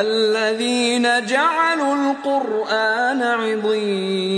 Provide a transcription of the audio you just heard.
الذين جعلوا القرآن عضين